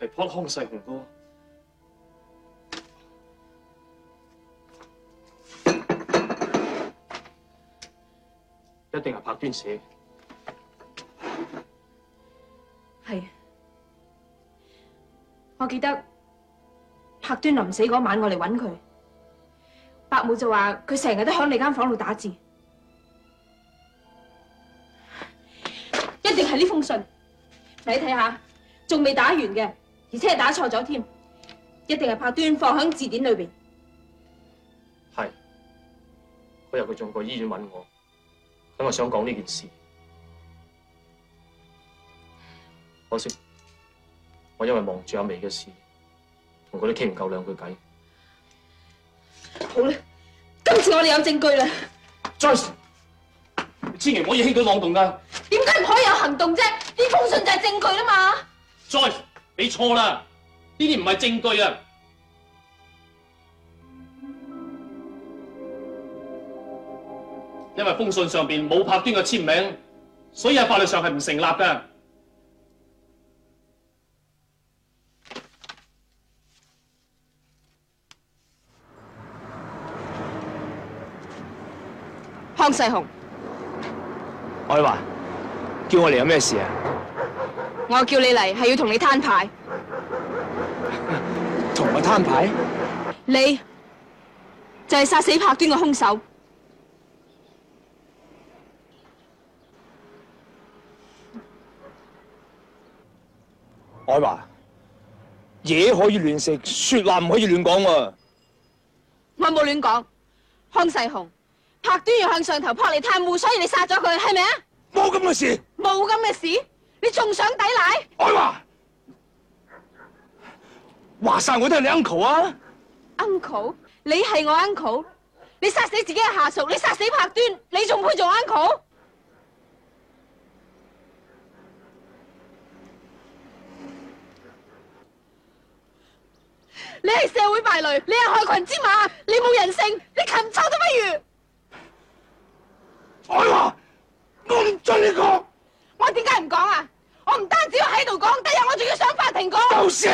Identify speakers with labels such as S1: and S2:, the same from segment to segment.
S1: 係撲空世雄哥，一定係柏端死。係，我記得柏端臨死嗰晚，我嚟揾佢，伯母就話佢成日都響你間房度打字，一定係呢封信，你睇下，仲未打完嘅。而且係打錯咗添，一定係怕端放喺字典裏邊。係，嗰日佢仲過醫院揾我，噉我想講呢件事，可惜我因為忙住阿眉嘅事，同佢都傾唔夠兩句偈。好啦，今次我哋有證據啦，Joyce，你千祈唔可以輕舉妄動噶。點解唔可以有行動啫？呢封信就係證據吖嘛，Joyce。你錯啦，呢啲唔係證據啊！因為封信上邊冇拍端嘅簽名，所以喺法律上係唔成立噶。康世雄，阿華，叫我嚟有咩事啊？我叫你嚟係要同你攤牌，同我攤牌，你就係、是、殺死柏端嘅凶手。啊、我話嘢、就是、可以亂食，說話唔可以亂講喎。我冇亂講，康世雄，柏端要向上頭潑嚟貪污，所以你殺咗佢，係咪啊？冇咁嘅事，冇咁嘅事。你仲想抵賴？愛華，話晒我都係你 uncle 啊！uncle，你係我 uncle，你殺死自己嘅下屬，你殺死柏端，你仲配做 uncle？ 你係社會敗類，你係害群之馬，你冇人性，你禽獸都不如！愛華，我唔信呢個。有聲，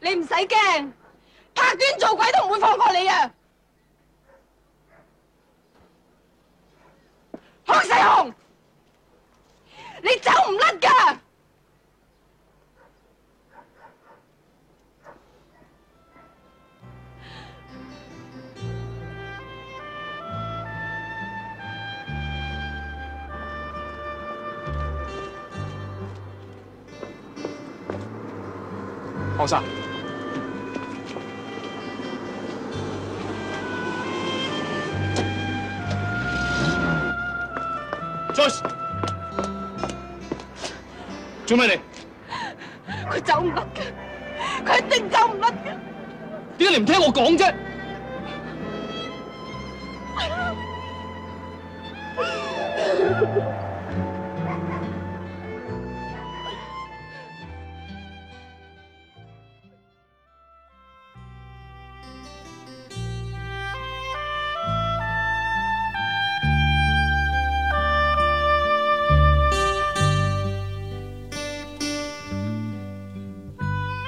S1: 你唔使驚，拍娟做鬼都唔會放過你啊，康世雄，你走唔甩㗎。放下。jo 做咩呢？佢走唔甩嘅？佢一定走唔甩嘅？點解你唔聽我講啫？